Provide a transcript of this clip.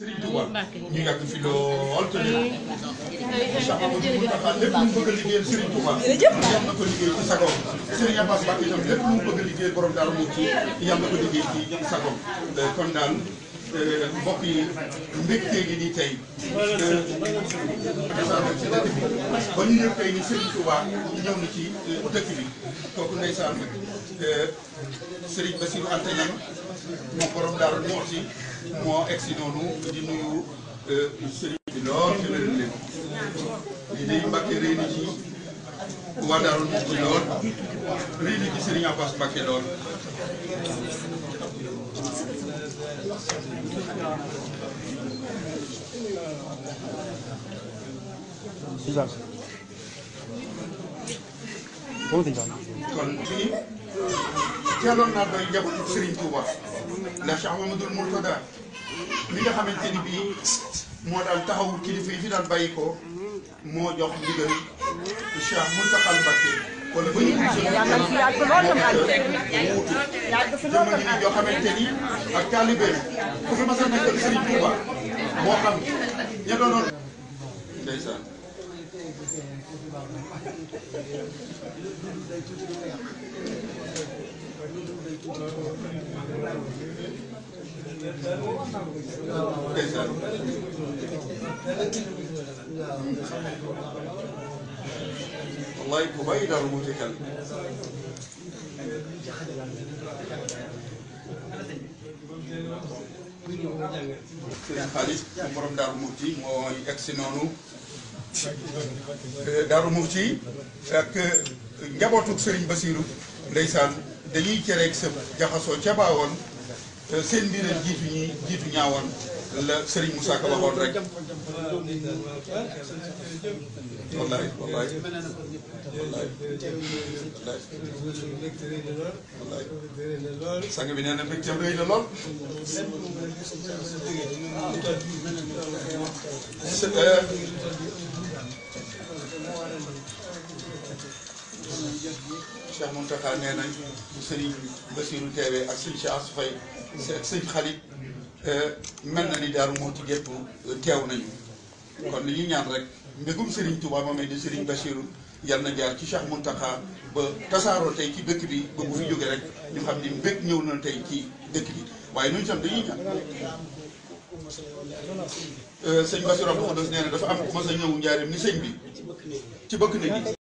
Serigne Touba ñu yàgg fi lool te léegi incha allah bu ñu taxaw lépp lu mu bëgg a liggéeyal Serigne Touba yàlla na ko liggéey ci sagoom Serigne Abbas Mbacke itam lépp lu mu bëgg a liggéeyal borom daal moo ci yàlla na ko liggéey ci sagoom eh, kon daal mbokk yi mbégte nii tey ba ñu ñëw tey ni Serigne Touba ñëw na ci dëkk bi kooku ndeysaan Serigne Bassirou Anta Niang moom borom Daaru Muxti moo egg si noonu di nuyu euh, Serigne bi lool ci leen lii day Mbàkke rëy ci waa Daaru Muxti lool rëy ci Serigne Abbas Mbàkke lool. Güzel. Bunu diyeceğim. kon fii teeloon naa doy njabootu Serigne Touba la Cheikh Mamadou Mourtada mi nga xamante ni bii moo daal taxawu kilifa yi fi daan bàyyi ko moo jox ndigal Cheikh Mountakha Mbacké yàlla fi yàgg lool tam àgg yàgg fi lool tam àgg yoo xamante ni ak taalibe ku fi mas a nekk Sëriñ Tuuba moo xam ña doonoon ndeysaan ndeysaan wallaay ku bàyyi daal mu ci xel sëriñ xaalis mu borom daaru muxti mooy egsi noonu daaru muxti ak njabootuk sëriñ basiiru ndeysaan dañuy cereeg sa jaxasoo ca baawoon seen mbiral jiitu ñi jiitu ñaawoon la Serigne Moussa Ka waxoon rek wallaay wallaay wallaay sang bi nee na mbégteem rëy la lool euh, Cheikh Mountakha nee nañ bu sëriñ Bassirou teewee ak sëñ Cheikh Assou Faye ak sëñ Khalid euh, mel na ni moo Muxti gépp teew nañu kon li ñuy ñaan rek mbégum sëriñ Touba moomee di sëriñ Bassirou yal na jaar ci Cheikh Mountakha ba tasaaroo tey ci dëkk bi ba bu fi jóge rek ñu xam ni mbég ñëw na tey ci dëkk bi waaye ñun tam dañuy ñaan euh, sëñ Bassirou Abdou Khoudoss nee na dafa am ku mas a ni sëñ bi ci bëkk na gi